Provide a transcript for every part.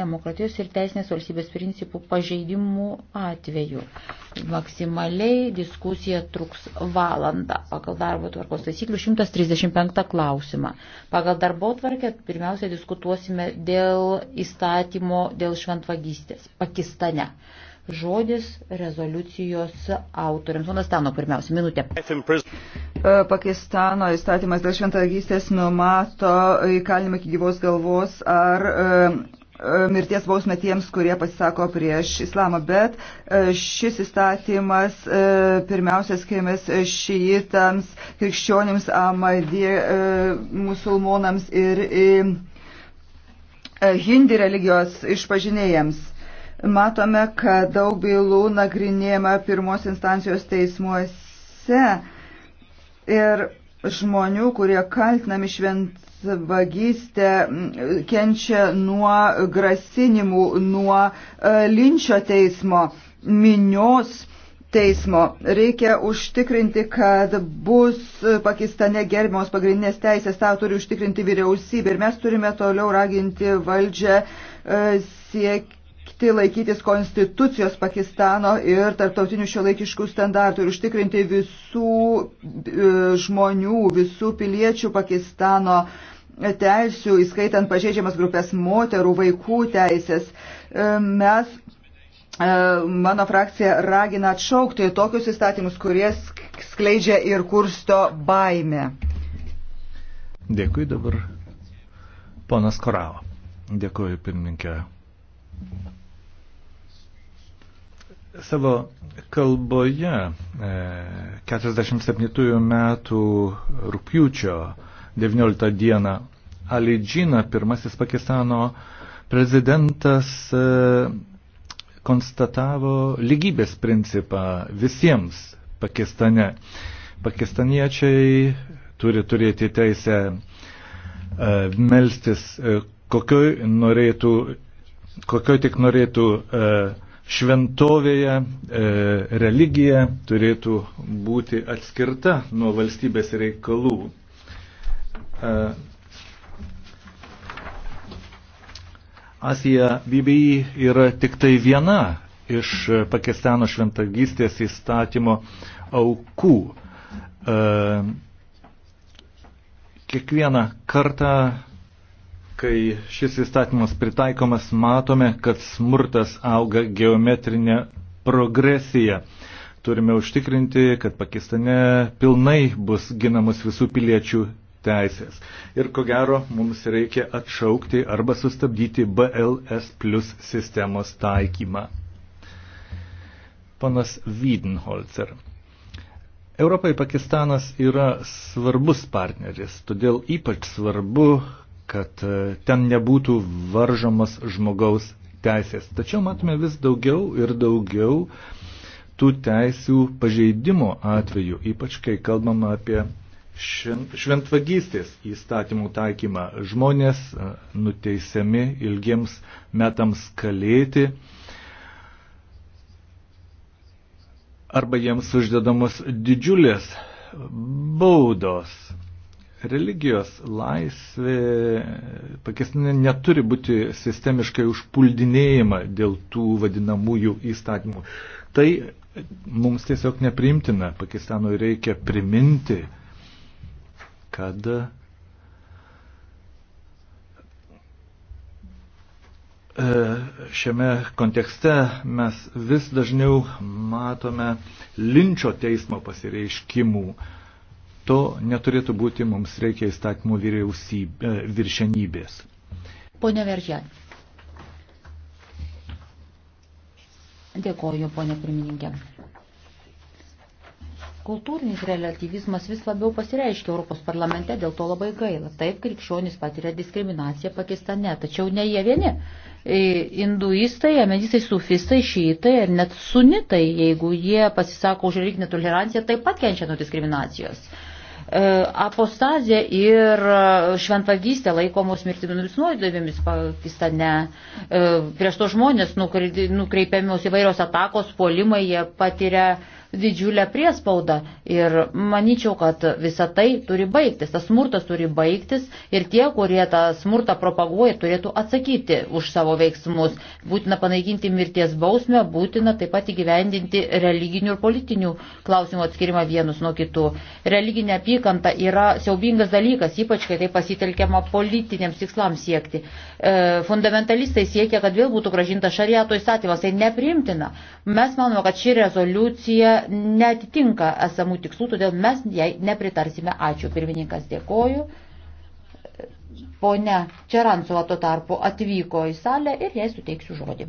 demokratijos ir teisinės valstybės principų pažeidimų atveju. Maksimaliai diskusija truks valandą pagal darbo tvarkos taisyklių 135 klausimą. Pagal darbo tvarkę pirmiausia diskutuosime dėl įstatymo dėl šventvagystės Pakistane. Žodis rezoliucijos autoriams. Ponas Tano, pirmiausia, minutė. E, Pakistano įstatymas dėl šventagystės numato įkalinimą iki gyvos galvos ar e, E, mirties bausmę tiems, kurie pasisako prieš islamą, bet e, šis įstatymas e, pirmiausia skiriamas šijitams, krikščionims, amadie, musulmonams ir hindi religijos išpažinėjams. Matome, kad daug bylų nagrinėjama pirmos instancijos teismuose ir žmonių, kurie kaltinami švent vagystę kenčia nuo grasinimų, nuo e, linčio teismo, minios teismo. Reikia užtikrinti, kad bus Pakistane gerbimos pagrindinės teisės, tą turi užtikrinti vyriausybė ir mes turime toliau raginti valdžią e, siekti laikytis konstitucijos Pakistano ir tarptautinių šiuolaikiškų standartų ir užtikrinti visų e, žmonių, visų piliečių Pakistano uh, teisių, įskaitant pažeidžiamas grupės moterų, vaikų teisės. E, mes, e, mano frakcija, ragina atšaukti tokius įstatymus, kurie skleidžia ir kursto baimę. Dėkui dabar, ponas Koravo. Dėkuoju, pirmininkė. Savo kalboje 47 e, metų rūpjūčio 19 dieną. Ali Džina, pirmasis Pakistano prezidentas, e, konstatavo lygybės principą visiems Pakistane. Pakistaniečiai turi turėti teisę e, melstis, e, kokioj, norėtų, kokioj tik norėtų šventovėje religija turėtų būti atskirta nuo valstybės reikalų. Asija Bibi yra tik tai viena iš e, Pakistano šventagystės įstatymo aukų. Kiekvieną kartą, kai šis įstatymas pritaikomas, matome, kad smurtas auga geometrinė progresija. Turime užtikrinti, kad Pakistane pilnai bus ginamos visų piliečių teisės. Ir ko gero, mums reikia atšaukti arba sustabdyti BLS plus sistemos taikymą. Panas Wiedenholzer. Europai Pakistanas yra svarbus partneris, todėl ypač svarbu, kad e, ten nebūtų varžomas žmogaus teisės. Tačiau matome vis daugiau ir daugiau tų teisių pažeidimo atveju, ypač kai kalbama apie šventvagystės įstatymų taikymą. Žmonės e, nuteisiami ilgiems metams kalėti arba jiems uždedamos didžiulės baudos. Religijos laisvė Pakistane neturi būti sistemiškai užpuldinėjama dėl tų vadinamųjų įstatymų. Tai mums tiesiog nepriimtina. Pakistanui reikia priminti, kad e, šiame kontekste mes vis dažniau matome linčio teismo pasireiškimų. To neturėtų būti, mums reikia įstatymų e, viršenybės. Pone Veržan. Dėkoju, ponė pirmininkė. Kultūrinis relativizmas vis labiau pasireiškia Europos parlamente, dėl to labai gaila. Taip, krikščionys patiria diskriminaciją Pakistane, tačiau ne jie vieni. E, Induistai, amedistai, sufistai, šyitai ir net sunitai, jeigu jie pasisako už religinę toleranciją, taip pat kenčia nuo diskriminacijos. E, Apostazija ir šventvagystė laikomos mirtinomis nuodėmėmis Pakistane. E, prieš to žmonės nukreipiamios įvairios atakos, puolimai, jie patiria didžiulę priespaudą ir manyčiau, kad visa tai turi baigtis, tas smurtas turi baigtis ir tie, kurie tą smurtą propaguoja, turėtų atsakyti už savo veiksmus. Būtina panaikinti mirties bausmę, būtina taip pat įgyvendinti religinių ir politinių klausimų atskirimą vienus nuo kitų. Religinė apykanta yra siaubingas dalykas, ypač kai tai pasitelkiama politiniams tikslams siekti. E, fundamentalistai siekia, kad vėl būtų gražinta šariato įstatymas, tai nepriimtina. Mes manome, kad ši rezoliucija netitinka esamų tikslų, todėl mes jai nepritarsime. Ačiū. Pirmininkas dėkoju. Pone Čeransova tuo tarpu atvyko į salę ir jai suteiksiu žodį.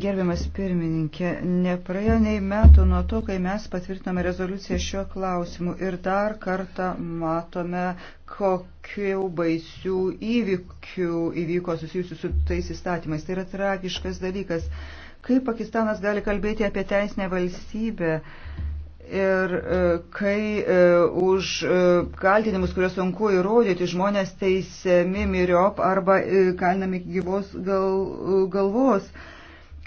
Gerbiamas pirmininkė, nepraėjo nei metų nuo to, kai mes patvirtinome rezoliuciją šiuo klausimu ir dar kartą matome, kokių baisių įvykių įvyko susijusių su tais įstatymais. Tai yra tragiškas dalykas. Kaip Pakistanas gali kalbėti apie teisinę valstybę? Ir e, kai e, už e, kaltinimus, kuriuos sunku įrodyti, žmonės teisiami miriop arba kalinami gyvos gal, galvos.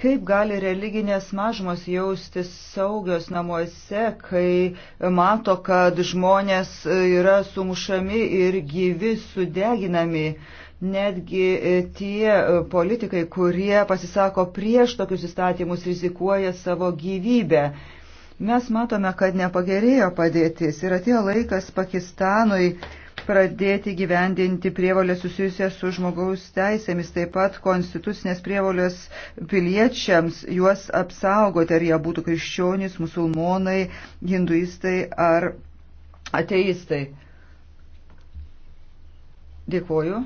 Kaip gali religinės mažmos jaustis saugios namuose, kai mato, kad žmonės yra sumušami ir gyvi sudeginami? Uh, Netgi e, tie e, politikai, kurie pasisako prieš tokius įstatymus, rizikuoja savo gyvybę. Mes matome, kad nepagerėjo padėtis ir atėjo laikas Pakistanui pradėti gyvendinti prievalės susijusias su žmogaus teisėmis, taip pat konstitucinės prievalės piliečiams juos apsaugoti, ar jie būtų krikščionys, musulmonai, hinduistai ar ateistai. Dėkuoju.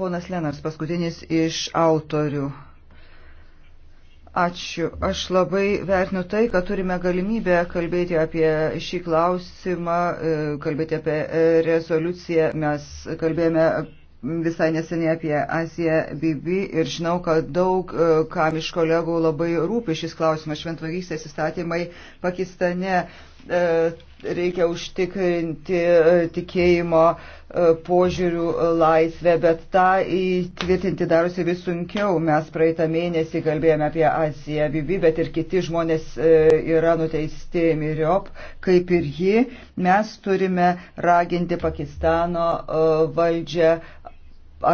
Ponas Lenars, paskutinis iš autorių. Ačiū. Aš labai vertinu tai, kad turime galimybę kalbėti apie šį klausimą, e, kalbėti apie e, rezoliuciją. Mes kalbėjome visai neseniai apie Aziją Bibi ir žinau, kad daug e, kam iš kolegų labai rūpi šis klausimas šventvagystės įstatymai Pakistane. E, reikia užtikrinti e, tikėjimo e, požiūrių laisvę, bet tą įtvirtinti darosi vis sunkiau. Mes praeitą mėnesį kalbėjome apie Aziją Bibi, bet ir kiti žmonės yra nuteisti miriop, kaip ir ji. Mes turime raginti Pakistano valdžią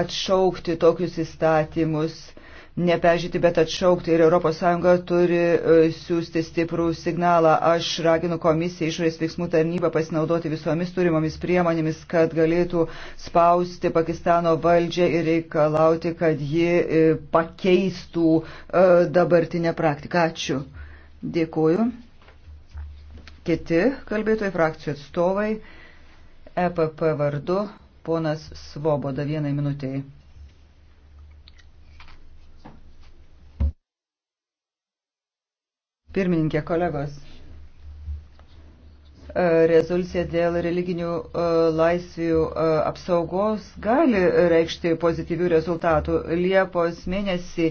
atšaukti tokius įstatymus nepežyti, bet atšaukti. Ir ES turi e, siūsti stiprų signalą. Aš raginu komisiją išorės veiksmų tarnybą pasinaudoti visomis turimomis priemonėmis, kad galėtų spausti Pakistano valdžią ir reikalauti, kad ji e, pakeistų e, dabartinę praktiką. Ačiū. Dėkuoju. Kiti kalbėtojai frakcijų atstovai EPP vardu ponas Svoboda vienai minutėjai. Pirmininkė, kolegos. E, rezoliucija dėl religinių e, laisvių e, apsaugos gali reikšti pozityvių rezultatų. Liepos mėnesį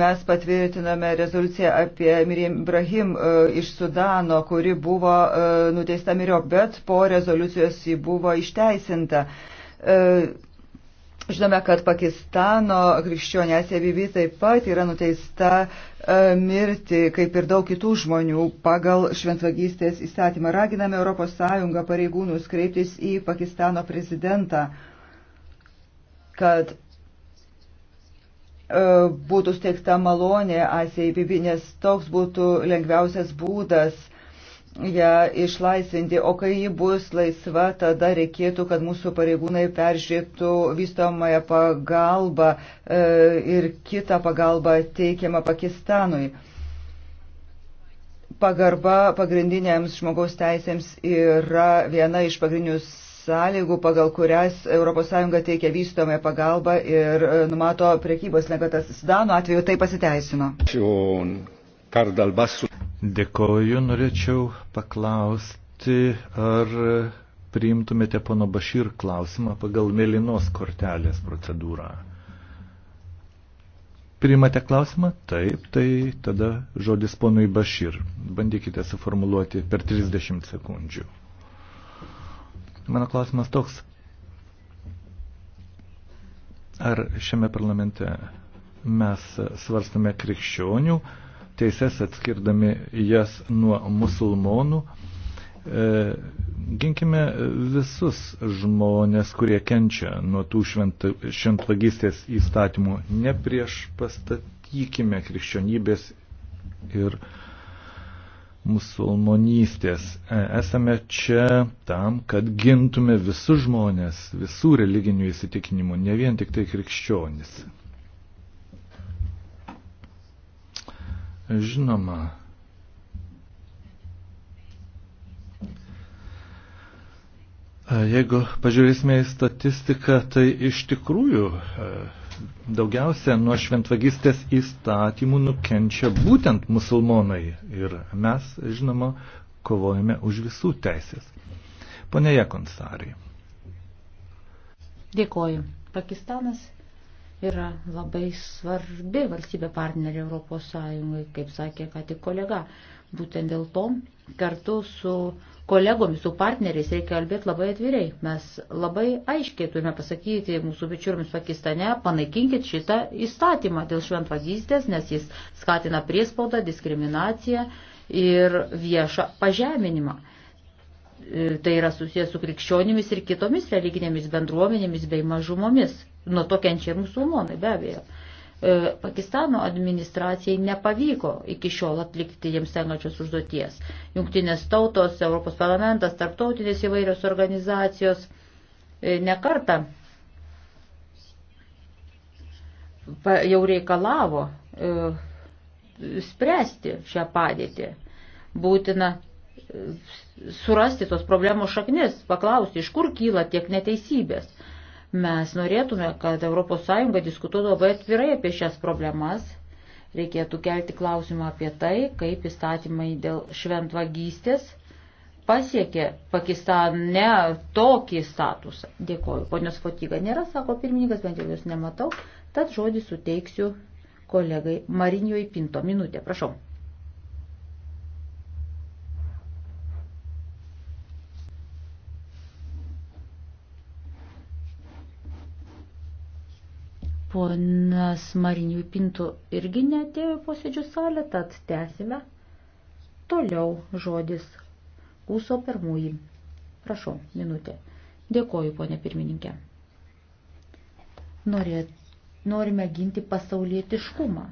mes patvirtiname rezoliuciją apie Miriam Ibrahim iš Sudano, kuri buvo nuteista mirio, bet po rezoliucijos ji buvo išteisinta Žinome, kad Pakistano krikščionė Sebibi taip pat yra nuteista e, mirti, kaip ir daug kitų žmonių, pagal šventvagystės įstatymą. Raginame ES pareigūnus kreiptis į Pakistano prezidentą, kad e, būtų steigta malonė ACIPB, nes toks būtų lengviausias būdas uh, ją išlaisvinti, o kai ji bus laisva, tada reikėtų, kad mūsų pareigūnai peržiūrėtų vystomąją pagalbą e, ir kitą pagalbą teikiamą Pakistanui. Pagarba pagrindinėms žmogaus teisėms yra viena iš pagrindinių sąlygų, pagal kurias ES teikia vystomąją pagalbą ir e, numato priekybos negatas. Sudano atveju tai pasiteisino. Kardalbasu. Dėkoju, norėčiau paklausti, ar priimtumėte pono Bašyr klausimą pagal mėlynos kortelės procedūrą. Priimate klausimą? Taip, tai tada žodis ponui Bašyr. Bandykite suformuluoti per 30 sekundžių. Mano klausimas toks. Ar šiame parlamente mes svarstame krikščionių, teises atskirdami jas nuo musulmonų. E, ginkime visus žmonės, kurie kenčia nuo tų švent, šventvagystės įstatymų, ne prieš pastatykime krikščionybės ir musulmonystės. E, esame čia tam, kad gintume visus žmonės, visų religinių įsitikinimų, ne vien tik tai krikščionis. Žinoma, Jeigu pažiūrėsime į statistiką, tai iš tikrųjų daugiausia nuo šventvagystės įstatymų nukenčia būtent musulmonai. Ir mes, žinoma, kovojame už visų teisės. Pone Jekonsarį. Dėkoju. Pakistanas yra labai svarbi valstybė partnerė Europos Sąjungai, kaip sakė ką tik kolega. Būtent dėl to kartu su kolegomis, su partneriais reikia kalbėti labai atviriai. Mes labai aiškiai turime pasakyti mūsų bičiuliams Pakistane, panaikinkit šitą įstatymą dėl šventvagystės, nes jis skatina priespaudą, diskriminaciją ir viešą pažeminimą. E, tai yra susijęs su krikščionimis ir kitomis religinėmis bendruomenėmis bei mažumomis nuo to kenčia musulmonai be abejo. E, Pakistano administracijai nepavyko iki šiol atlikti jiems tenkačios užduoties. Jungtinės tautos, Europos parlamentas, tarptautinės įvairios organizacijos e, nekarta jau reikalavo e, spręsti šią padėtį. Būtina surasti tos problemos šaknis, paklausti, iš kur kyla tiek neteisybės. Mes norėtume, kad ES diskutuotų labai atvirai apie šias problemas. Reikėtų kelti klausimą apie tai, kaip įstatymai dėl šventvagystės pasiekė Pakistane tokį statusą. Dėkoju. Ponios Fotyga nėra, sako pirmininkas, bent jau jūs nematau. Tad žodį suteiksiu kolegai Marinijoj Pinto. Minutė, prašau. Ponas Marinių Pintų irgi netėjo posėdžių salę, tad tęsime. Toliau žodis Uso pirmųjį. Prašau, minutė. Dėkoju, ponė pirmininkė. Norėt, norime ginti pasaulietiškumą,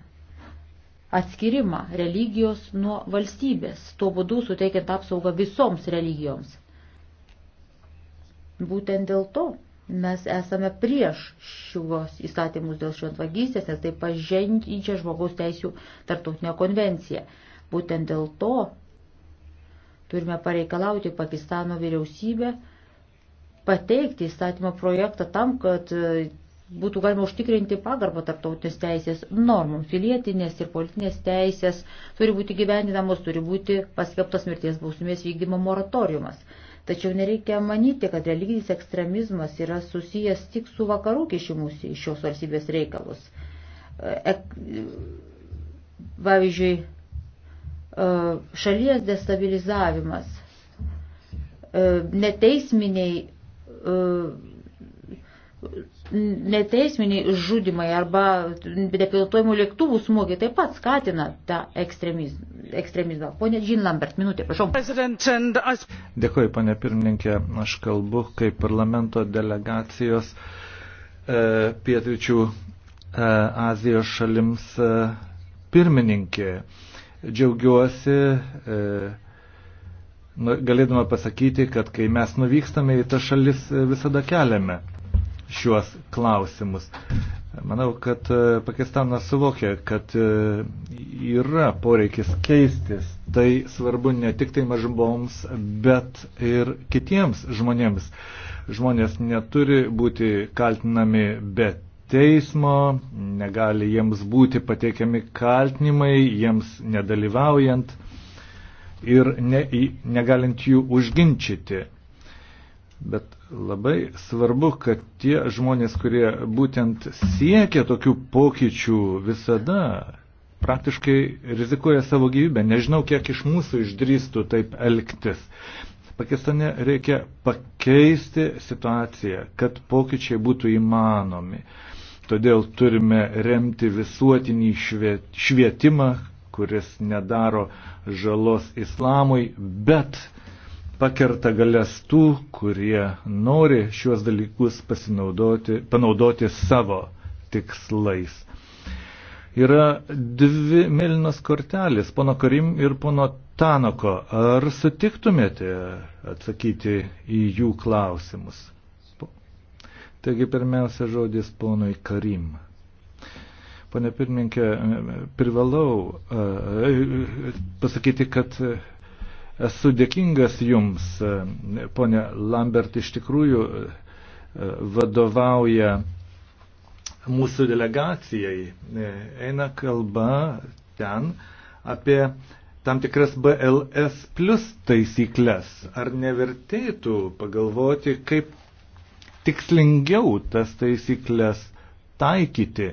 atskirimą religijos nuo valstybės, tuo būdu suteikiant apsaugą visoms religijoms. Būtent dėl to Mes esame prieš šiuos įstatymus dėl šventvagystės, nes tai pažengčia žmogaus teisų tartutinę konvenciją. Būtent dėl to turime pareikalauti Pakistano vyriausybę pateikti įstatymo projektą tam, kad e, būtų galima užtikrinti pagarbą tarptautinės teisės normom. Filietinės ir politinės teisės turi būti gyvendinamos, turi būti paskelbtas mirties bausmės vykdymo moratoriumas. Tačiau nereikia manyti, kad religinis ekstremizmas yra susijęs tik su vakarų kišimus į šios valstybės reikalus. E, ek, pavyzdžiui, e, šalies destabilizavimas, e, neteisminiai neteisminiai žudimai arba nepilotuojamų lėktuvų smūgiai taip pat skatina tą ekstremizmą. Pone Džin Lambert, minutė, prašau. Dėkuoju, pane pirmininkė, aš kalbu kaip parlamento delegacijos e, pietryčių e, Azijos šalims e, pirmininkė. Džiaugiuosi. E, nu, galėdama pasakyti, kad kai mes nuvykstame į tą šalis, e, visada keliame šiuos klausimus. Manau, kad e, Pakistanas suvokia, kad e, yra poreikis keistis. Tai svarbu ne tik tai mažumoms, bet ir kitiems žmonėms. Žmonės neturi būti kaltinami be teismo, negali jiems būti pateikiami kaltinimai, jiems nedalyvaujant ir ne, negalint jų užginčyti. Bet Labai svarbu, kad tie žmonės, kurie būtent siekia tokių pokyčių visada, praktiškai rizikuoja savo gyvybę. Nežinau, kiek iš mūsų išdrįstų taip elgtis. Pakistane reikia pakeisti situaciją, kad pokyčiai būtų įmanomi. Todėl turime remti visuotinį švietimą, kuris nedaro žalos islamui, bet pakerta galės tų, kurie nori šiuos dalykus panaudoti savo tikslais. Yra dvi mėlynos kortelės, pono Karim ir pono Tanoko. Ar sutiktumėte atsakyti į jų klausimus? Taigi pirmiausia žodis ponui Karim. Pane pirmininkė, privalau pasakyti, kad Esu dėkingas Jums, e, ponė Lambert, iš tikrųjų e, vadovauja mūsų delegacijai. E, eina kalba ten apie tam tikras BLS plus taisyklės. Ar nevertėtų pagalvoti, kaip tikslingiau tas taisyklės taikyti?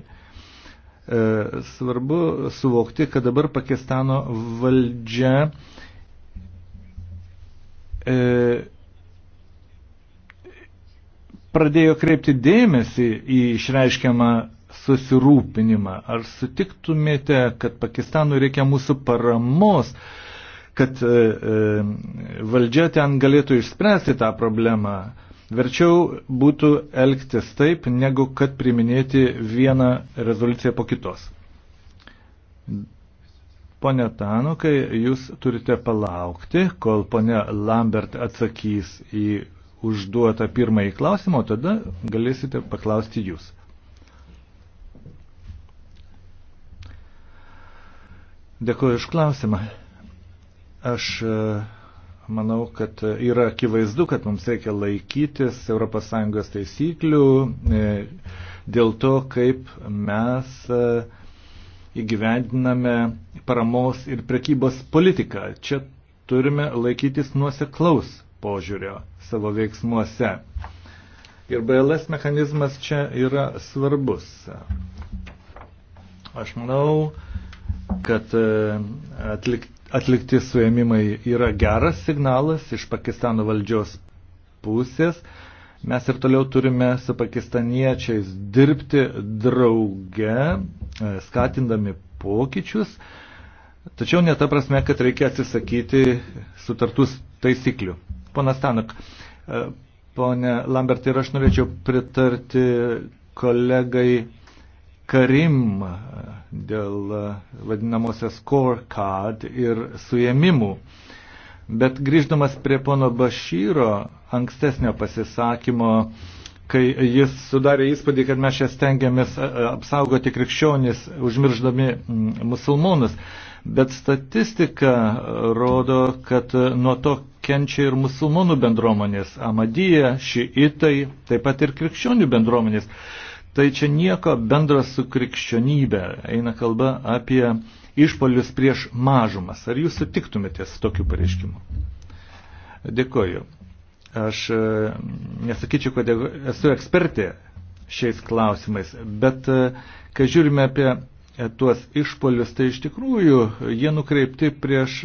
Svarbu suvokti, kad dabar Pakistano valdžia E, pradėjo kreipti dėmesį į išreiškiamą susirūpinimą. Ar sutiktumėte, kad Pakistanui reikia mūsų paramos, kad e, e, valdžia ten galėtų išspręsti tą problemą? Verčiau būtų elgtis taip, negu kad priminėti vieną rezoliuciją po kitos. Pone Tanukai, jūs turite palaukti, kol pone Lambert atsakys į užduotą pirmąjį klausimą, tada galėsite paklausti jūs. Dėkuoju iš klausimą. Aš e, manau, kad yra akivaizdu, kad mums reikia laikytis ES taisyklių e, dėl to, kaip mes e, įgyvendiname paramos ir prekybos politiką. Čia turime laikytis nuoseklaus požiūrio savo veiksmuose. Ir BLS mechanizmas čia yra svarbus. Aš manau, kad e, atlikti atlikti suėmimai yra geras signalas iš Pakistano valdžios pusės, Mes ir toliau turime su pakistaniečiais dirbti drauge, e, skatindami pokyčius, tačiau ne ta prasme, kad reikia atsisakyti sutartus taisyklių. Ponas Tanuk, e, ponė Lambert, ir aš norėčiau pritarti kolegai Karim e, dėl vadinamosios scorecard ir suėmimų. Bet grįždamas prie pono Bašyro ankstesnio pasisakymo, kai jis sudarė įspūdį, kad mes čia stengiamės apsaugoti krikščionis, užmirždami musulmonus. Bet statistika rodo, kad e, nuo to kenčia ir musulmonų bendruomenės, Amadija, šiitai, taip pat ir krikščionių bendruomenės. Tai čia nieko bendro su krikščionybė. Eina kalba apie išpolius prieš mažumas. Ar jūs sutiktumėte su tokiu pareiškimu? Dėkoju. Aš e, nesakyčiau, kad esu ekspertė šiais klausimais, bet e, kai žiūrime apie e, tuos išpolius, tai iš tikrųjų jie nukreipti prieš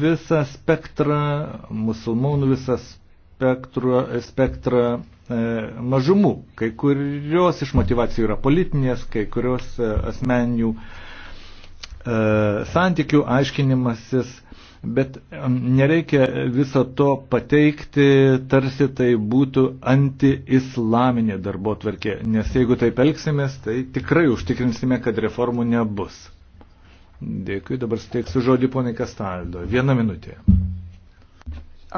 visą spektrą, musulmonų visą spektrą, spektrą E, mažumų. Kai kurios iš motivacijų yra politinės, kai kurios e, asmeninių e, santykių aiškinimasis, bet nereikia viso to pateikti, tarsi tai būtų antiislaminė darbo tvarkė, nes jeigu taip elgsimės, tai tikrai užtikrinsime, kad reformų nebus. Dėkui, dabar steiksiu žodį poniai Kastaldo. Vieną minutę.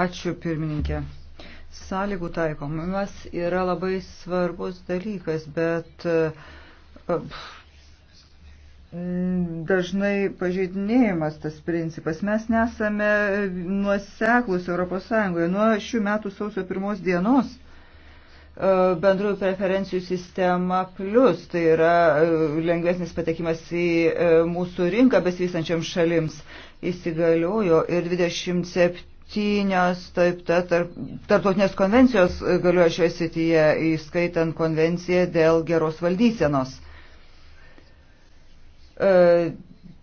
Ačiū, pirmininkė sąlygų taikomumas yra labai svarbus dalykas, bet e, dažnai pažeidinėjimas tas principas. Mes nesame nuoseklus ES nuo šių metų sausio pirmos dienos e, bendrųjų preferencijų sistema plus, tai yra e, lengvesnis patekimas į mūsų rinką besivystančiam šalims įsigaliojo ir 27 tarptautinės, taip, ta, tarp, tarptautinės konvencijos galioja šioje srityje, įskaitant konvenciją dėl geros valdysenos. E,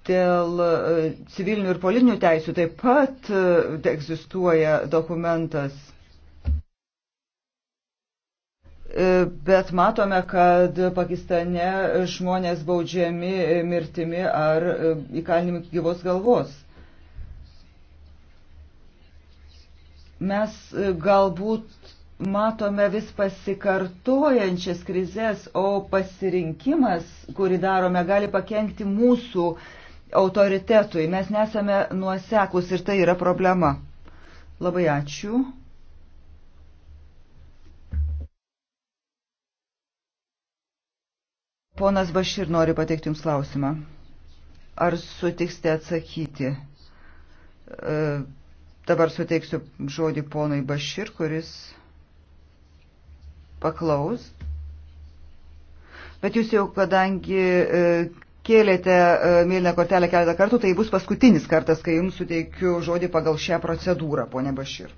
dėl e, civilinių ir politinių teisių taip pat e, egzistuoja dokumentas. Bet matome, kad Pakistane žmonės baudžiami mirtimi ar įkalinimu gyvos galvos. Mes e, galbūt matome vis pasikartojančias krizės, o pasirinkimas, kurį darome, gali pakengti mūsų autoritetui. Mes nesame nuoseklus ir tai yra problema. Labai ačiū. Ponas Bašir nori pateikti Jums klausimą. Ar sutiksite atsakyti? E, Dabar suteiksiu žodį ponui Bašir, kuris paklaus. Bet jūs jau, kadangi e, kėlėte e, mėlyną kortelę keletą kartų, tai bus paskutinis kartas, kai jums suteikiu žodį pagal šią procedūrą, ponė Bašir.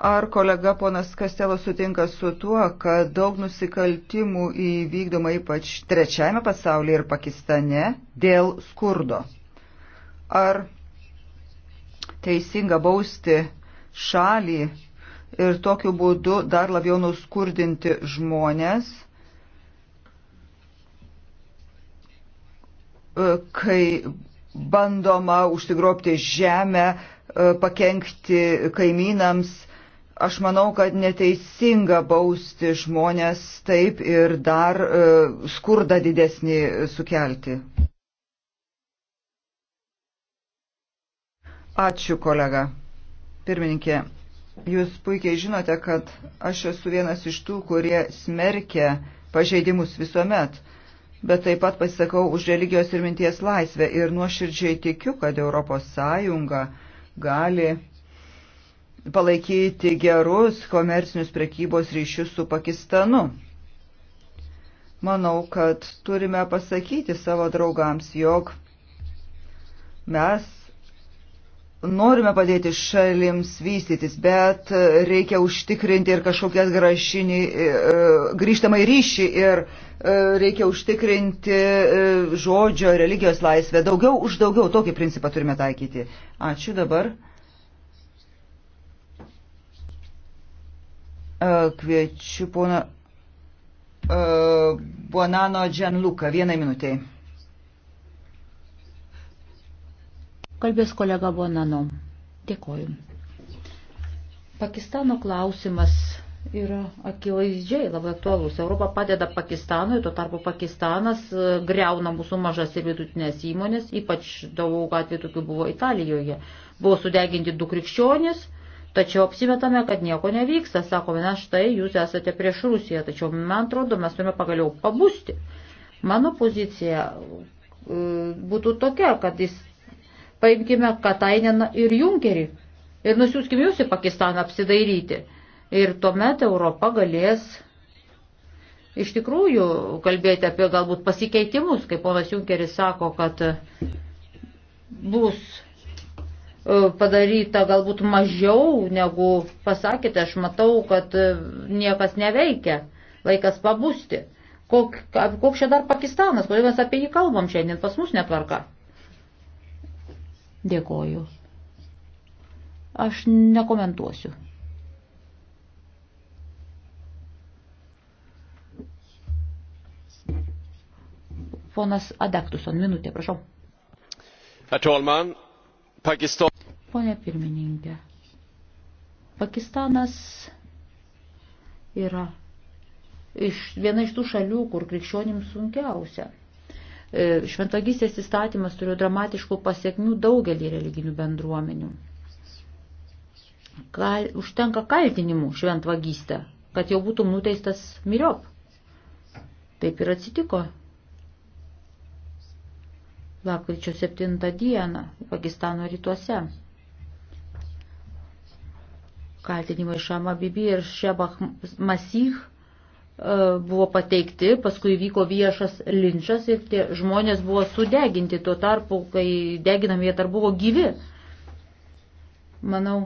Ar kolega ponas Kastelo sutinka su tuo, kad daug nusikaltimų įvykdoma ypač trečiajame pasaulyje ir Pakistane dėl skurdo? Ar teisinga bausti šalį ir tokiu būdu dar labiau nuskurdinti žmonės, e, kai bandoma užsigrobti žemę, e, pakengti kaimynams, Aš manau, kad neteisinga bausti žmonės taip ir dar e, skurdą didesnį sukelti. Ačiū, kolega. Pirmininkė, jūs puikiai žinote, kad aš esu vienas iš tų, kurie smerkia pažeidimus visuomet, bet taip pat pasisakau už religijos ir minties laisvę ir nuoširdžiai tikiu, kad ES gali palaikyti gerus komercinius prekybos ryšius su Pakistanu. Manau, kad turime pasakyti savo draugams, jog mes norime padėti šalims vystytis, bet reikia užtikrinti ir kažkokią grašinį e, grįžtamą ryšį ir e, reikia užtikrinti e, žodžio, religijos laisvę. Daugiau už daugiau tokį principą turime taikyti. Ačiū dabar. E, kviečiu pono e, Buonano Gianluca. Vienai minutėjai. Kalbės kolega Buonano. Dėkoju. Pakistano klausimas yra akivaizdžiai labai aktualus. Europa padeda Pakistanui, tuo tarpu Pakistanas e, greuna mūsų mažas ir vidutinės įmonės, ypač daug atvejų tokių buvo Italijoje. Buvo sudeginti du krikščionis Tačiau apsimetame, kad nieko nevyksta, sakome, na štai jūs esate prieš Rusiją, tačiau man atrodo, mes turime pagaliau pabusti. Mano pozicija e, būtų tokia, kad jis paimkime Kataineną ir Junkerį ir nusiųskime jūs į Pakistaną apsidairyti. Ir tuomet Europa galės iš tikrųjų kalbėti apie galbūt pasikeitimus, kaip ponas Junkeris sako, kad bus E, padaryta galbūt mažiau negu pasakėte, aš matau, kad e, niekas neveikia, laikas pabusti. Koks kok čia dar Pakistanas, kodėl mes apie jį kalbam šiandien, pas mus netvarka. Dėkoju. Aš nekomentuosiu. Ponas Adaktuson, minutė, prašau. Herr talman, Pakistan. Pone pirmininkė, Pakistanas yra iš, viena iš tų šalių, kur krikščionims sunkiausia. E, šventagystės įstatymas turėjo dramatiškų pasiekmių daugelį religinių bendruomenių. Kal, užtenka kaltinimų šventvagystę, kad jau būtum nuteistas miriop. Taip ir atsitiko lapkričio 7 dieną Pakistano rytuose. Kaltinimai Šama Bibi ir Šebach Masih e, buvo pateikti, paskui vyko viešas linčas ir tie žmonės buvo sudeginti tuo tarpu, kai deginami jie dar buvo gyvi. Manau,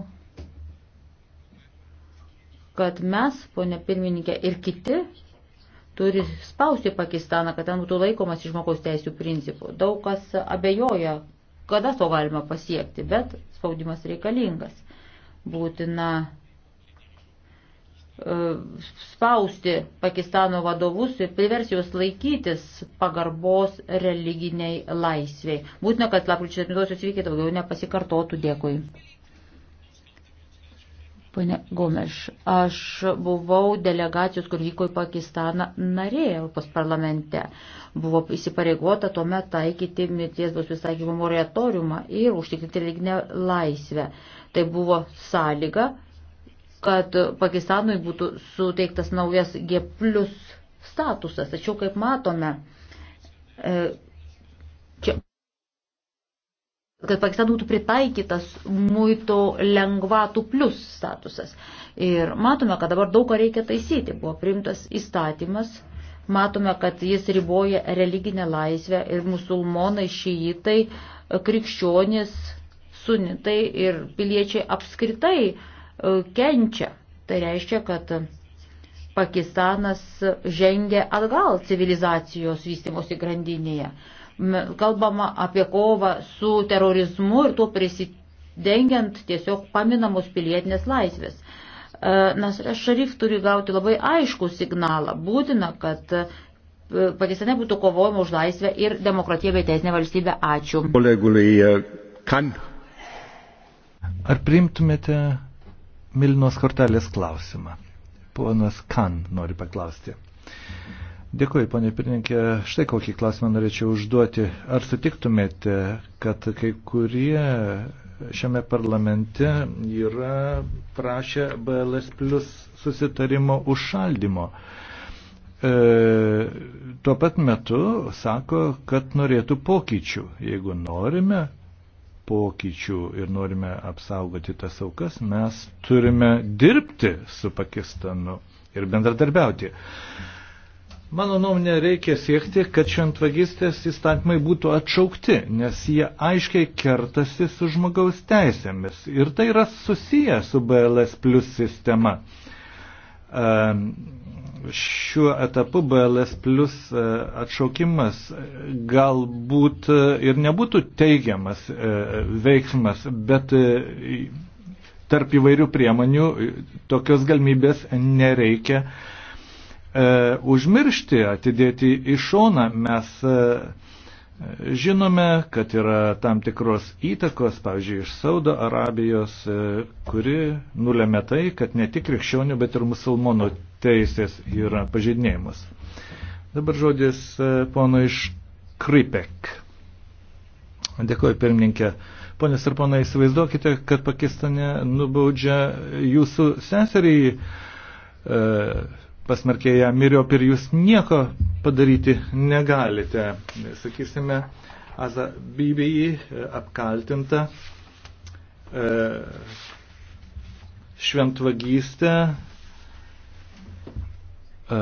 kad mes, ponė pirmininkė, ir kiti turi spausti Pakistaną, kad ten būtų laikomas žmogaus teisų principų. Daug kas abejoja, kada to galima pasiekti, bet spaudimas reikalingas. Būtina e, spausti Pakistano vadovus ir priversti juos laikytis pagarbos religiniai laisviai. Būtina, kad lapkričio 7-osios įvykiai daugiau nepasikartotų. Dėkui. Pane Gomeš, aš buvau delegacijos, kur vyko į Pakistaną, narė Europos parlamente. Buvo įsipareigota tuomet taikyti mirties bausmės taikymo moratoriumą ir užtikrinti religinę laisvę. Tai buvo sąlyga, kad Pakistanui būtų suteiktas naujas G plus statusas. Tačiau, kaip matome, e, čia kad Pakistanui būtų pritaikytas muito lengvatų plus statusas. Ir matome, kad dabar daug ką reikia taisyti. Buvo priimtas įstatymas, matome, kad jis riboja religinę laisvę ir musulmonai, šijitai, krikščionys, sunitai ir piliečiai apskritai e, kenčia. Tai reiškia, kad Pakistanas žengia atgal civilizacijos vystimosi grandinėje kalbama apie kovą su terorizmu ir tuo prisidengiant tiesiog paminamos pilietinės laisvės. E, Nasras Šarif turi gauti labai aiškų signalą. Būtina, kad e, Pakistane būtų kovojama už laisvę ir demokratiją bei teisinę valstybę. Ačiū. Ar priimtumėte Milinos kortelės klausimą? Ponas Kan nori paklausti. Dėkui, ponė pirininkė. Štai kokį klausimą norėčiau užduoti. Ar sutiktumėte, kad kai kurie šiame parlamente yra prašę BLS plus susitarimo užšaldimo? E, tuo pat metu sako, kad norėtų pokyčių. Jeigu norime pokyčių ir norime apsaugoti tas aukas, mes turime dirbti su Pakistanu ir bendradarbiauti. E, Mano nuomonė reikia siekti, kad šventvagystės įstatymai būtų atšaukti, nes jie aiškiai kertasi su žmogaus teisėmis. Ir tai yra susiję su BLS plus sistema. Ehm, šiuo etapu BLS plus e, atšaukimas galbūt e, ir nebūtų teigiamas e, veiksmas, bet tarp įvairių priemonių tokios galimybės nereikia E, užmiršti, atidėti į šoną. Mes e, Žinome, kad yra tam tikros įtakos, pavyzdžiui, iš Saudo Arabijos, e, kuri nulėmė tai, kad ne tik krikščionių, bet ir musulmonų teisės yra pažydinėjimas. Dabar žodis pono iš Krypek. Dėkuoju, pirmininkė. Ponės ir ponai, įsivaizduokite, kad Pakistane nubaudžia jūsų seserį. E, pasmerkė ją miriop ir jūs nieko padaryti negalite. Sakysime, Aza Bibijai e, apkaltinta e, šventvagystę e,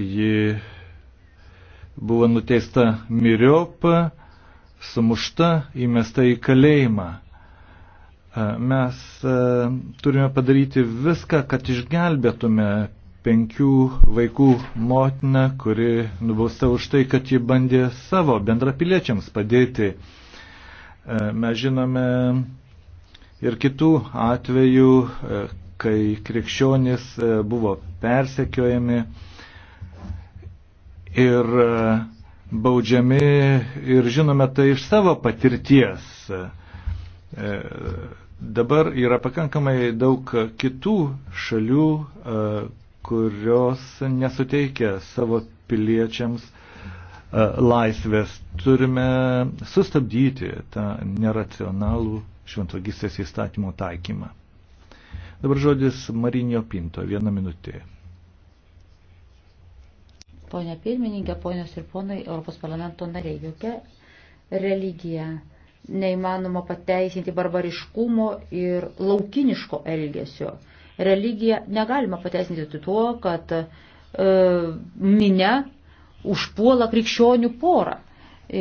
ji buvo nuteista miriop, sumušta, įmesta į kalėjimą. E, mes e, turime padaryti viską, kad išgelbėtume penkių vaikų motiną, kuri nubausta už tai, kad ji bandė savo bendrapiliečiams padėti. E, mes žinome ir kitų atvejų, kai krikščionys buvo persekiojami ir baudžiami ir žinome tai iš savo patirties. E, dabar yra pakankamai daug kitų šalių, e, kurios nesuteikia savo piliečiams e, laisvės. Turime sustabdyti tą neracionalų šventogystės įstatymo taikymą. Dabar žodis Marinio Pinto, viena minutė. Pone pirmininkė, ponios ir ponai, Europos parlamento nariai, jokia religija neįmanoma pateisinti barbariškumo ir laukiniško elgesio. Religiją negalima pateisinti tuo, kad e, minė užpuola krikščionių porą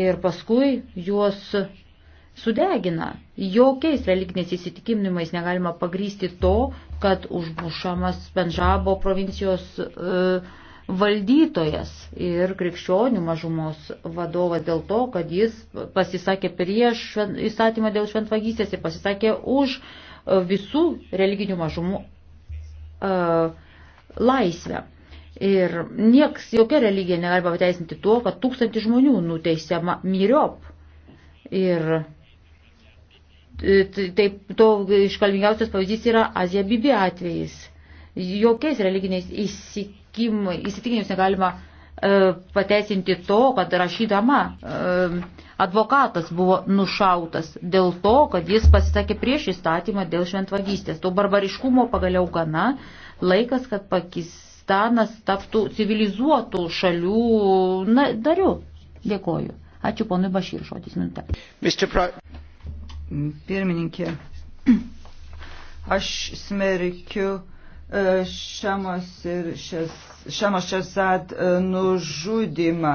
ir paskui juos sudegina. Jokiais religiniais įsitikinimais negalima pagrysti to, kad užmušamas Penžabo provincijos e, valdytojas ir krikščionių mažumos vadovas dėl to, kad jis pasisakė prieš įstatymą dėl šventvagystės ir pasisakė už e, visų religinių mažumų uh, laisvę. Ir nieks, jokia religija negali pateisinti tuo, kad tūkstantį žmonių nuteisiama myriop. Ir e, taip, to iškalbingiausias pavyzdys yra Azija Bibi atvejis. Jokiais religiniais įsitikinimus negalima e, pateisinti to, kad rašydama e, advokatas buvo nušautas dėl to, kad jis pasisakė prieš įstatymą dėl šventvagystės. To barbariškumo pagaliau gana laikas, kad Pakistanas taptų civilizuotų šalių na, dariu. Dėkoju. Ačiū ponui Bašir žodis minutę. Pirmininkė, aš smerkiu E, Šemos ir šes, Šemos Šesat e, nužudimą.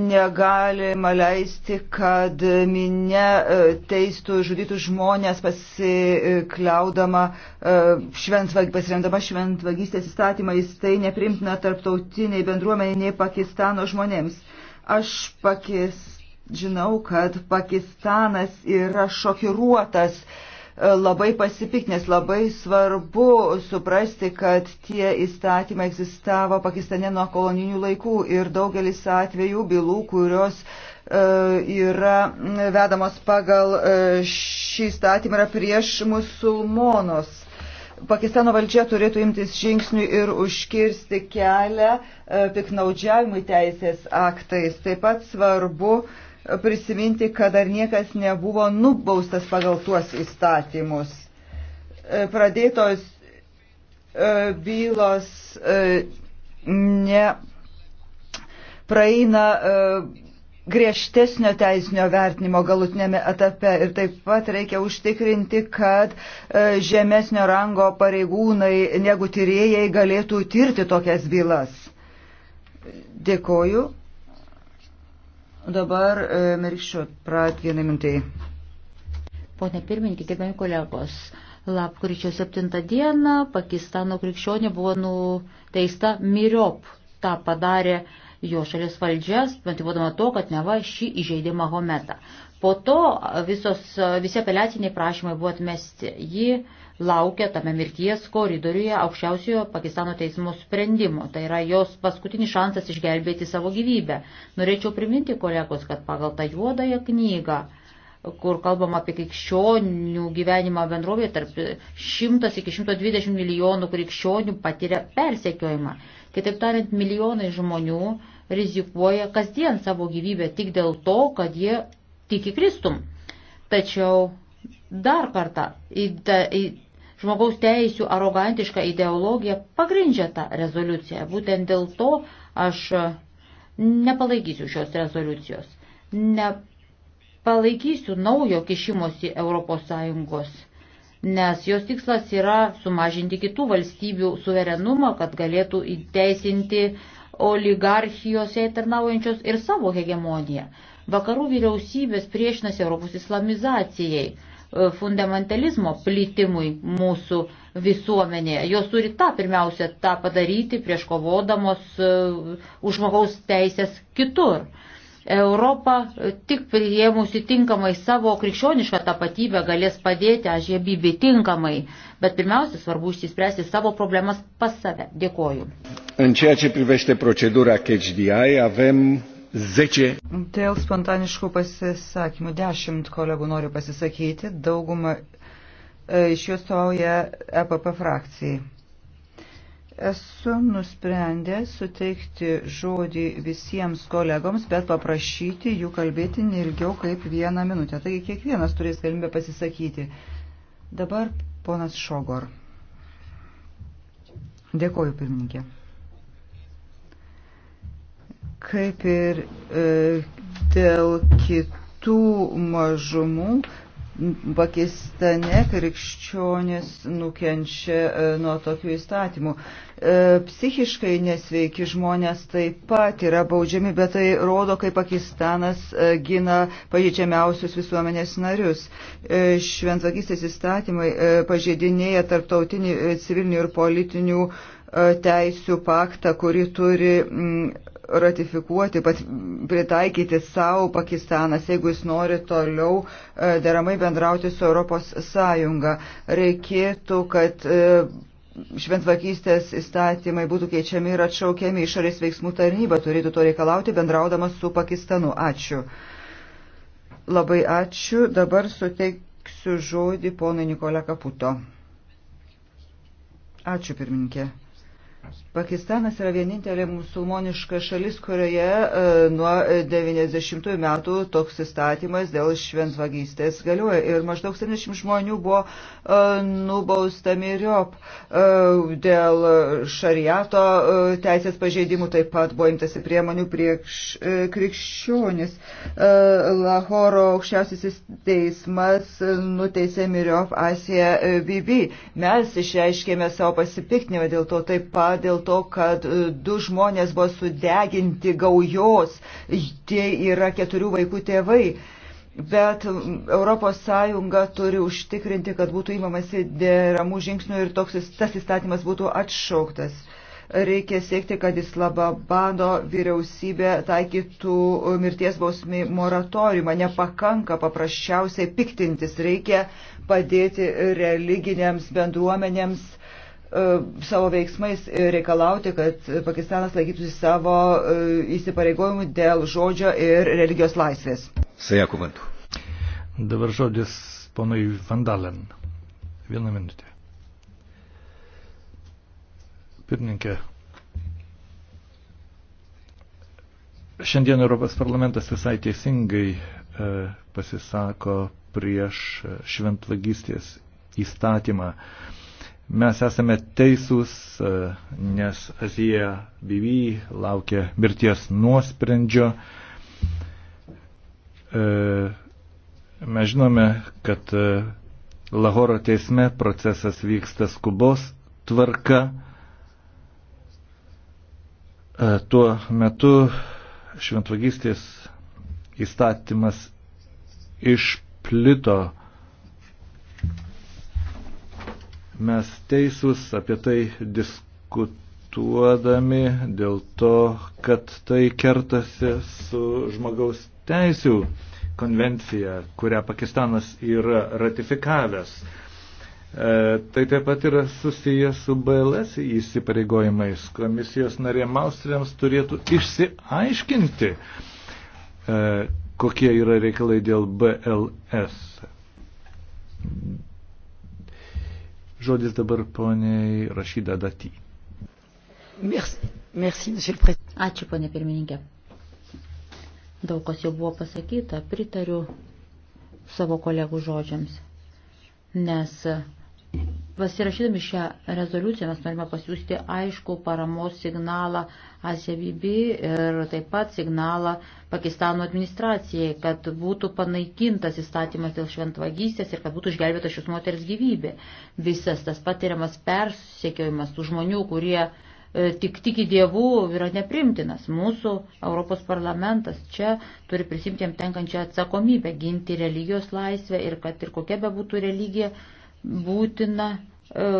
Negalima leisti, kad minė e, teistų žudytų žmonės pasikliaudama šventvag, pasiremdama šventvagystės įstatymą. Jis tai neprimtina tarptautiniai bendruomeniai Pakistano žmonėms. Aš pakis, žinau, kad Pakistanas yra šokiruotas uh, labai pasipiknęs. Labai svarbu suprasti, kad tie įstatymai egzistavo Pakistane nuo koloninių laikų ir daugelis atvejų bylų, kurios e, yra vedamos pagal e, šį įstatymą yra prieš musulmonus. Pakistano valdžia turėtų imtis žingsnių ir užkirsti kelią e, piknaudžiavimui teisės aktais. Taip pat svarbu uh, prisiminti, kad dar niekas nebuvo nubaustas pagal tuos įstatymus. E, pradėtos e, bylos e, ne praeina griežtesnio teisinio vertinimo galutinėme etape ir taip pat reikia užtikrinti, kad žemesnio rango pareigūnai negu tyrėjai galėtų tirti tokias bylas. Dėkoju. Dabar e, Merkščio prat vienai mintai. Pone pirmininkė, gerbiami kolegos, lapkričio 7 dieną Pakistano krikščionė buvo nuteista miriop. Ta padarė jo šalies valdžias, motivuodama to, kad neva šį įžeidė Mahometą. Po to visos, visi apeliaciniai prašymai buvo atmesti. Ji laukia tame mirties koridoriuje aukščiausiojo Pakistano teismo sprendimo. Tai yra jos paskutinis šansas išgelbėti savo gyvybę. Norėčiau priminti kolegos, kad pagal tą juodąją knygą kur kalbam apie krikščionių gyvenimą bendrovėje, tarp 100 iki 120 milijonų krikščionių patiria persekiojimą. Kitaip tariant, milijonai žmonių rizikuoja kasdien savo gyvybę tik dėl to, kad jie tiki Kristum. Tačiau dar kartą į, į žmogaus teisų arogantišką ideologiją pagrindžia tą rezoliuciją. Būtent dėl to aš e, nepalaikysiu šios rezoliucijos. Nepalaikysiu naujo kišimosi ES, nes jos tikslas yra sumažinti kitų valstybių suverenumą, kad galėtų įteisinti oligarchijose tarnaujančios ir savo hegemoniją. Vakarų vyriausybės priešinasi Europos islamizacijai fundamentalizmo plitimui mūsų visuomenėje. Jos turi tą pirmiausia tą padaryti prieš kovodamos e, už žmogaus teisės kitur. Europa tik priėmusi tinkamai savo krikščionišką tapatybę galės padėti ažiebybį tinkamai, bet pirmiausia svarbu išsispręsti savo problemas pas save. Dėkoju. În ceea ce privește procedura CHDI, avem 10. Dėl spontaniškų pasisakymų 10 kolegų nori pasisakyti, dauguma e, iš jų stovauja EPP frakcijai. Esu nusprendęs suteikti žodį visiems kolegoms, bet paprašyti jų kalbėti neilgiau kaip vieną minutę. Taigi kiekvienas turės galimybę pasisakyti. Dabar ponas Šogor. Dėkoju, pirmininkė kaip ir e, dėl kitų mažumų, Pakistane krikščionis nukenčia e, nuo tokių įstatymų. E, psichiškai nesveiki žmonės taip pat yra baudžiami, bet tai rodo, kaip Pakistanas gina pažydžiamiausius visuomenės narius. Šventvagystės įstatymai pažeidinėja tarptautinių civilinių ir politinių uh, teisų paktą, kurį turi mm, ratifikuoti, pat pritaikyti savo Pakistanas, jeigu jis nori toliau e, deramai bendrauti su Europos Sąjunga. Reikėtų, kad e, šventvakystės įstatymai būtų keičiami ir atšaukiami. Išorės veiksmų tarnyba turėtų to reikalauti bendraudama su Pakistanu. Ačiū. Labai ačiū. Dabar suteiksiu žodį ponui Nikola Kaputo. Ačiū pirmininkė. Pakistanas yra vienintelė musulmoniška šalis, kurioje e, nuo 90 metų toks įstatymas dėl šventvagystės galioja. Ir maždaug 70 žmonių buvo e, nubausta miriop e, dėl šariato teisės pažeidimų, taip pat buvo imtasi priemonių prieš krikščionis. Lahoro aukščiausiasis teismas nuteisė miriop Asiją BB. Mes išreiškėme savo pasipiktinimą dėl to taip pat kalba dėl to, kad e, du žmonės buvo sudeginti gaujos, tie yra keturių vaikų tėvai. Bet ES turi užtikrinti, kad būtų įmamasi deramų žingsnių ir toks, tas įstatymas būtų atšauktas reikia siekti, kad Islababado vyriausybė taikytų mirties bausmį moratoriumą. Nepakanka paprasčiausiai piktintis, reikia padėti religinėms bendruomenėms E, savo veiksmais reikalauti, kad Pakistanas laikytųsi savo e, įsipareigojimų dėl žodžio ir religijos laisvės. Saja kuvantų. Dabar žodis ponui Vandalen. Vieną minutę. Pirmininkė. Šiandien Europos parlamentas visai teisingai e, pasisako prieš šventvagystės įstatymą. E, Mes esame teisūs, e, nes Azija Bivy laukia mirties nuosprendžio. E, mes žinome, kad e, Lahoro teisme procesas vyksta skubos tvarka. Tuo metu šventvagystės įstatymas išplito mes teisūs apie tai diskutuodami dėl to, kad tai kertasi su žmogaus teisų konvencija, kurią Pakistanas yra ratifikavęs. E, tai taip pat yra susijęs su BLS įsipareigojimais. Komisijos narėm Austriams turėtų išsiaiškinti, e, kokie yra reikalai dėl BLS Žodis dabar poniai Rašyda Dati. Merci, merci, Ačiū, ponė pirmininkė. Daug kas jau buvo pasakyta, pritariu savo kolegų žodžiams, nes Pasirašydami šią rezoliuciją mes norime pasiūsti aišku paramos signalą ACVB ir taip pat signalą Pakistano administracijai, kad būtų panaikintas įstatymas dėl šventvagystės ir kad būtų išgelbėta šios moters gyvybė. Visas tas patiriamas persiekiojimas tų žmonių, kurie e, tik tiki dievų, yra neprimtinas. Mūsų Europos parlamentas čia turi prisimti jam tenkančią atsakomybę ginti religijos laisvę ir kad ir kokia be būtų religija būtina e,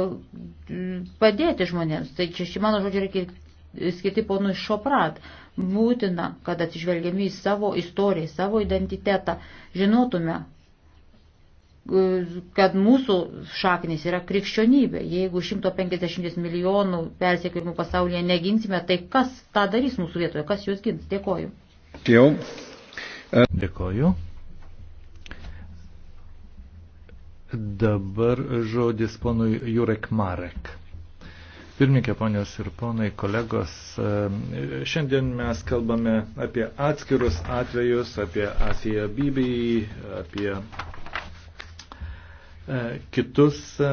padėti žmonėms. Tai čia šį mano žodžią reikia skirti ponui Šoprat. Būtina, kad atsižvelgiami į savo istoriją, į savo identitetą, žinotume, e, kad mūsų šaknis yra krikščionybė. Jeigu 150 milijonų persiekimų pasaulyje neginsime, tai kas tą darys mūsų vietoje, kas juos gins? Dėkoju. Dėkoju. Dabar žodis ponui Jurek Marek. Pirmininkė, ponios ir ponai, kolegos, e, šiandien mes kalbame apie atskirus atvejus, apie Asiją Bibijį, apie e, kitus e,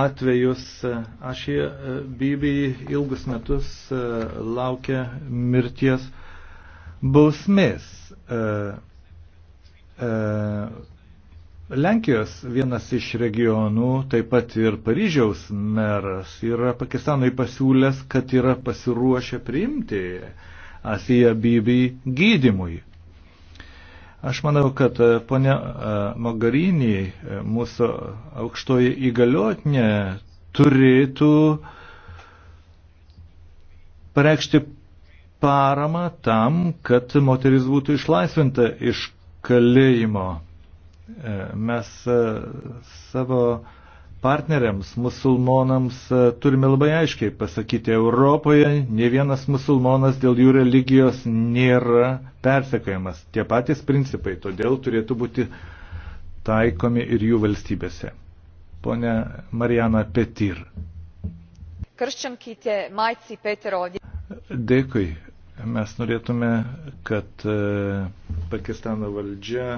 atvejus. Asija Bibijį ilgus metus laukia mirties bausmės. E, Lenkijos vienas iš regionų, taip pat ir Paryžiaus meras, yra Pakistanui pasiūlęs, kad yra pasiruošę priimti Asiją Bibį gydimui. Aš manau, kad e, ponia e, Mogarinį, e, mūsų aukštoji įgaliotinė, turėtų pareikšti paramą tam, kad moteris būtų išlaisvinta iš kalėjimo. E, mes e, savo partneriams, musulmonams e, turime labai aiškiai pasakyti, Europoje ne vienas musulmonas dėl jų religijos nėra persekiojamas. Tie patys principai todėl turėtų būti taikomi ir jų valstybėse. Pone Marijana Petir. Krščiankytė Maitsi Peterodė. Dėkui. Mes norėtume, kad e, Pakistano valdžia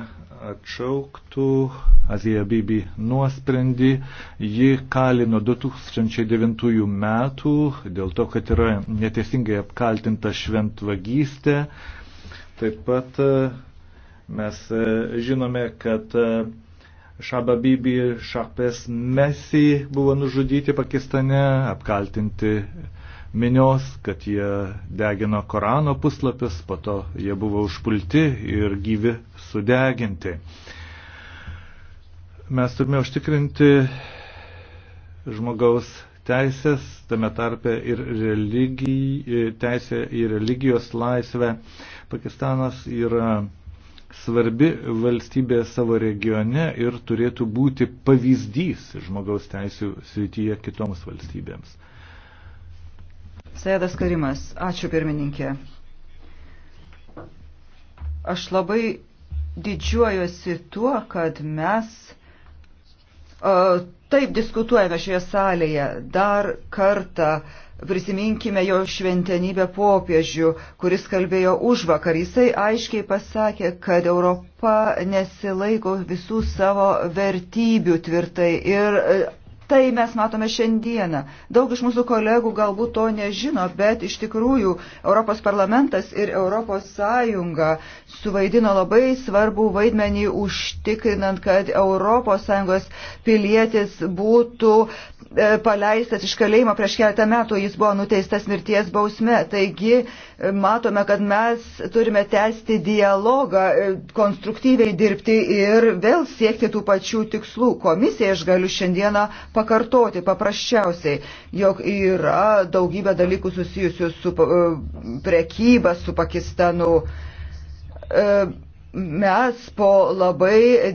atšauktų Azija Bibi nuosprendį. Ji kalino 2009 metų dėl to, kad yra neteisingai apkaltinta šventvagystė. Taip pat e, mes e, žinome, kad Šababibi Šapes Mesi buvo nužudyti Pakistane, apkaltinti minios, kad jie degino Korano puslapius, po to jie buvo užpulti ir gyvi sudeginti. Mes turime užtikrinti žmogaus teisės, tame tarpe ir religij, teisė į religijos laisvę. Pakistanas yra svarbi valstybė savo regione ir turėtų būti pavyzdys žmogaus teisų srityje kitoms valstybėms. Sėdas Karimas, ačiū pirmininkė. Aš labai didžiuojuosi tuo, kad mes uh, taip diskutuojame šioje salėje. Dar kartą uh, Prisiminkime jo šventenybę popiežių, kuris kalbėjo už vakar. Jisai aiškiai pasakė, kad Europa nesilaiko visų savo vertybių tvirtai ir Tai mes matome šiandieną. Daug iš mūsų kolegų galbūt to nežino, bet iš tikrųjų Europos parlamentas ir Europos sąjunga suvaidino labai svarbų vaidmenį užtikrinant, kad Europos sąjungos pilietis būtų E, paleistas iš kalėjimo prieš keletą metų, jis buvo nuteistas mirties bausme. Taigi e, matome, kad mes turime tęsti dialogą, e, konstruktyviai dirbti ir vėl siekti tų pačių tikslų. Komisija aš galiu šiandieną pakartoti paprasčiausiai, jog yra daugybė dalykų susijusių su prekyba, su Pakistanu. E, Mes po labai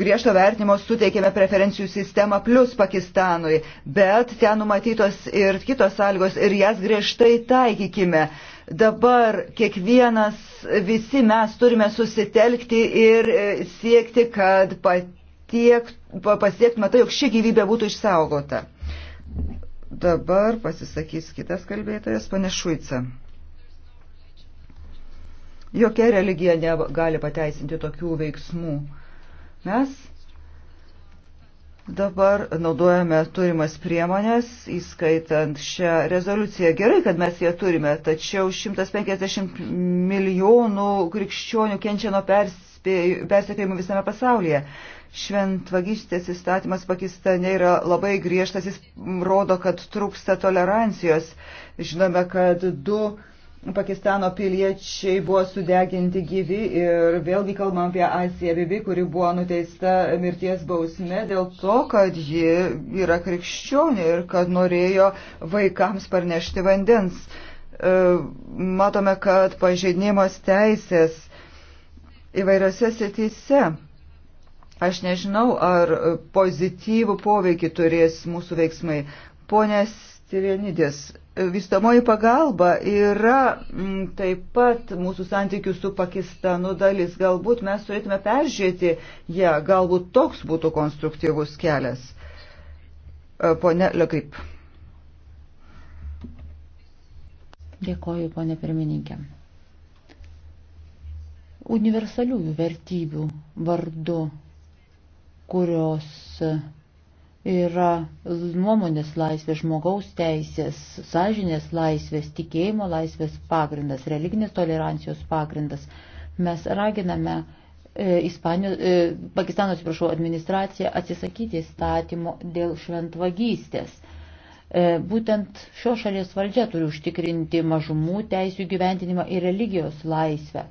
griežto vertinimo suteikėme preferencijų sistemą plus Pakistanui, bet ten numatytos ir kitos sąlygos ir jas griežtai taikykime dabar kiekvienas, visi mes turime susitelkti ir e, siekti, kad patiek, pasiektume tai, jog ši gyvybė būtų išsaugota. Dabar pasisakys kitas kalbėtojas, pane Šuica. Jokia religija negali pateisinti tokių veiksmų. Mes dabar naudojame turimas priemonės, įskaitant šią rezoliuciją. Gerai, kad mes ją turime, tačiau 150 milijonų krikščionių kenčia nuo persekėjimų visame pasaulyje. Šventvagystės įstatymas Pakistane yra labai griežtas, jis rodo, kad trūksta tolerancijos. Žinome, kad du Pakistano piliečiai buvo sudeginti gyvi ir vėlgi kalbam apie Asiją Bibi, kuri buvo nuteista mirties bausme dėl to, kad ji yra krikščionė ir kad norėjo vaikams parnešti vandens. E, matome, kad pažeidinimos teisės įvairiose srityse. Aš nežinau, ar pozityvų poveikį turės mūsų veiksmai. Ponės Tyrienidės, Vystamoji pagalba yra m, mm, taip pat mūsų santykių su Pakistanu dalis. Galbūt mes turėtume peržiūrėti ją, ja, galbūt toks būtų konstruktyvus kelias. E, pone Lekaip. Dėkoju, ponė pirmininkė. Universaliųjų vertybių vardu, kurios yra nuomonės laisvės, žmogaus teisės, sąžinės laisvės, tikėjimo laisvės pagrindas, religinės tolerancijos pagrindas. Mes raginame e, Ispanijos, e, Pakistano, atsiprašau, administraciją atsisakyti įstatymo dėl šventvagystės. E, būtent šio šalies valdžia turi užtikrinti mažumų teisų gyventinimą ir religijos laisvę.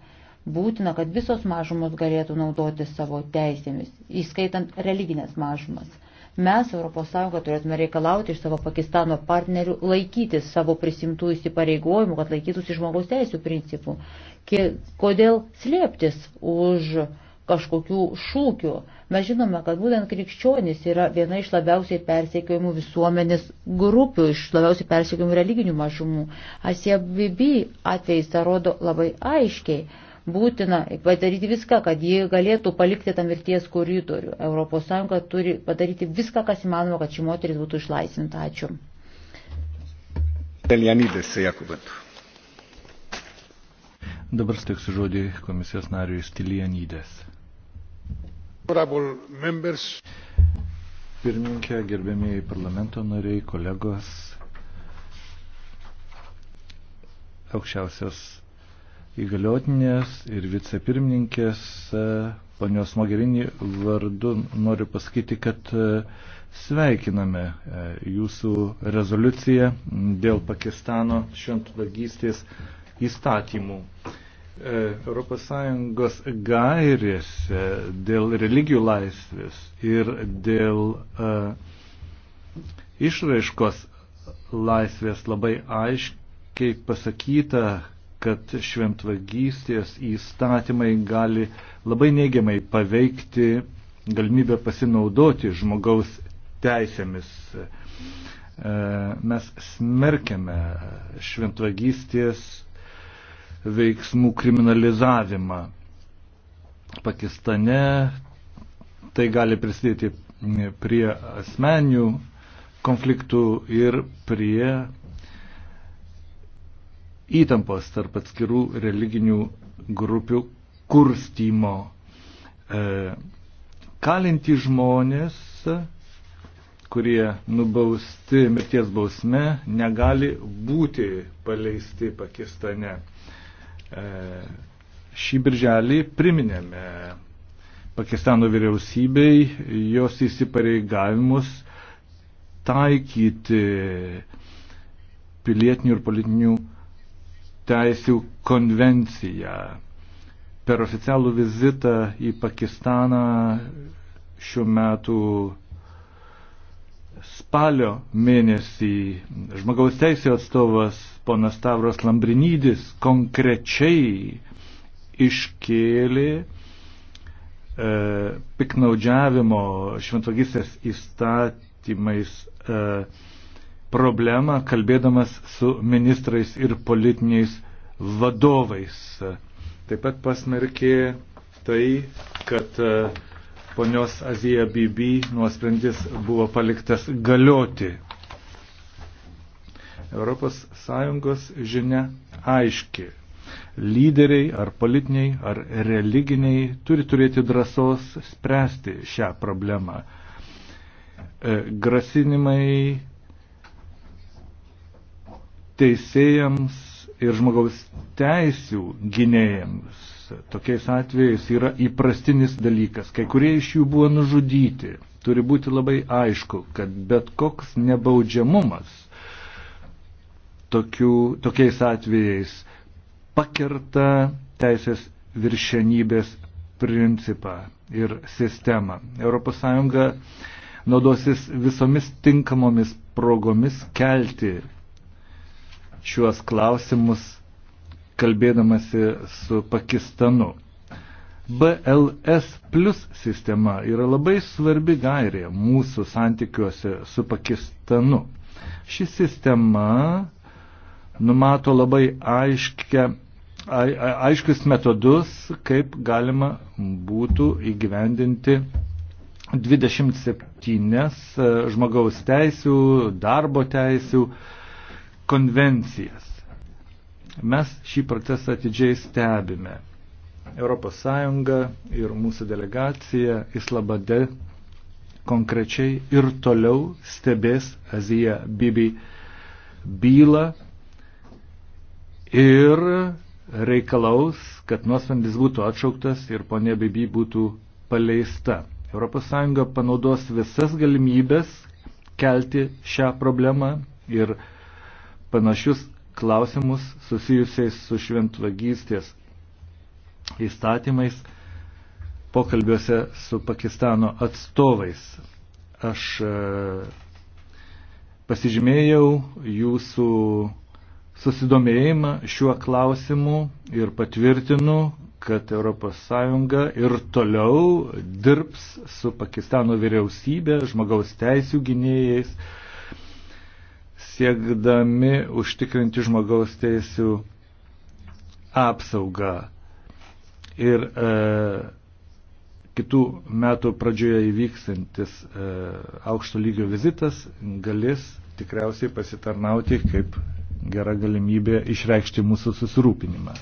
Būtina, kad visos mažumos galėtų naudoti savo teisėmis, įskaitant religinės mažumas Mes, ES, turėtume reikalauti iš savo Pakistano partnerių laikytis savo prisimtų įsipareigojimų, kad laikytųsi žmogaus teisų principų. Kodėl slėptis už kažkokių šūkių? Mes žinome, kad būtent krikščionys yra viena iš labiausiai persekiojimų visuomenės grupių, iš labiausiai persekiojimų religinių mažumų. Asiebibi atvejais tą rodo labai aiškiai Būtina padaryti viską, kad ji galėtų palikti tą mirties koridorių. ES turi padaryti viską, kas įmanoma, kad ši moteris būtų išlaisvinta. Ačiū. Dabar stiksiu žodį komisijos nariui Stilianydės. Pirmininkė, gerbėmėjai parlamento nariai, kolegos, aukščiausios įgaliotinės ir vicepirmininkės e, ponios Mogherini vardu noriu pasakyti, kad e, sveikiname e, jūsų rezoliuciją dėl Pakistano šventvagystės įstatymų. ES gairėse dėl religijų laisvės ir dėl išraiškos laisvės labai aiškiai pasakyta, kad šventvagystės įstatymai gali labai neigiamai paveikti galimybę pasinaudoti žmogaus teisėmis. E, mes smerkiame šventvagystės veiksmų kriminalizavimą. Pakistane tai gali prisidėti prie asmenių konfliktų ir prie įtampos tarp atskirų religinių grupių kurstymo. E, kalinti žmonės, kurie nubausti mirties bausme, negali būti paleisti Pakistane. E, šį birželį priminėme Pakistano vyriausybei jos įsipareigavimus taikyti pilietinių ir politinių teisių konvenciją. Per oficialų vizitą į Pakistaną šiuo metu spalio mėnesį žmogaus teisės atstovas ponas Tavros Lambrinydis konkrečiai iškėlė e, piknaudžiavimo šventvagystės įstatymais e, problemą, kalbėdamas su ministrais ir politiniais vadovais. Taip pat pasmerkė tai, kad e, ponios Azija Bibi nuosprendis buvo paliktas galioti. ES žinia aiški. Lyderiai ar politiniai ar religiniai turi turėti drąsos spręsti šią problemą. E, grasinimai teisėjams ir žmogaus teisių gynėjams. Tokiais atvejais yra įprastinis dalykas. Kai kurie iš jų buvo nužudyti. Turi būti labai aišku, kad bet koks nebaudžiamumas tokių, tokiais atvejais pakerta teisės viršenybės principą ir sistemą. ES naudosis visomis tinkamomis progomis kelti šiuos klausimus kalbėdamasi su Pakistanu. BLS plus sistema yra labai svarbi gairė mūsų santykiuose su Pakistanu. Ši sistema numato labai aiškia, aiškius metodus, kaip galima būtų įgyvendinti 27 e, žmogaus teisių, darbo teisių, konvencijas. Mes šį procesą atidžiai stebime. ES ir mūsų delegacija Islabade konkrečiai ir toliau stebės Aziją Bibi bylą ir reikalaus, kad nuosprendis būtų atšauktas ir ponė Bibi būtų paleista. ES panaudos visas galimybės kelti šią problemą ir panašius klausimus susijusiais su šventvagystės įstatymais pokalbiuose su Pakistano atstovais. Aš e, pasižymėjau jūsų susidomėjimą šiuo klausimu ir patvirtinu, kad ES ir toliau dirbs su Pakistano vyriausybė, žmogaus teisų gynėjais, siekdami užtikrinti žmogaus teisų apsaugą. Ir e, kitų metų pradžioje įvyksantis e, aukšto lygio vizitas galės tikriausiai pasitarnauti kaip gera galimybė išreikšti mūsų susirūpinimą.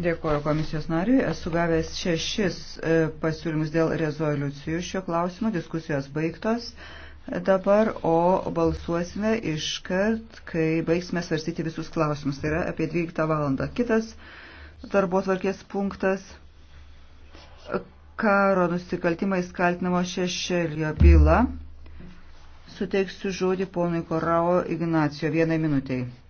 Dėkuoju komisijos nariui. Esu gavęs šešis e, pasiūlymus dėl rezoliucijų šio klausimo. Diskusijos baigtos dabar, o balsuosime iškart, kai baigsime svarstyti visus klausimus. Tai yra apie 12 valandą. Kitas darbo tvarkės punktas. Karo nusikaltimais kaltinamo šešėlio byla. Suteiksiu žodį ponui Korao Ignacijo vienai minutiai.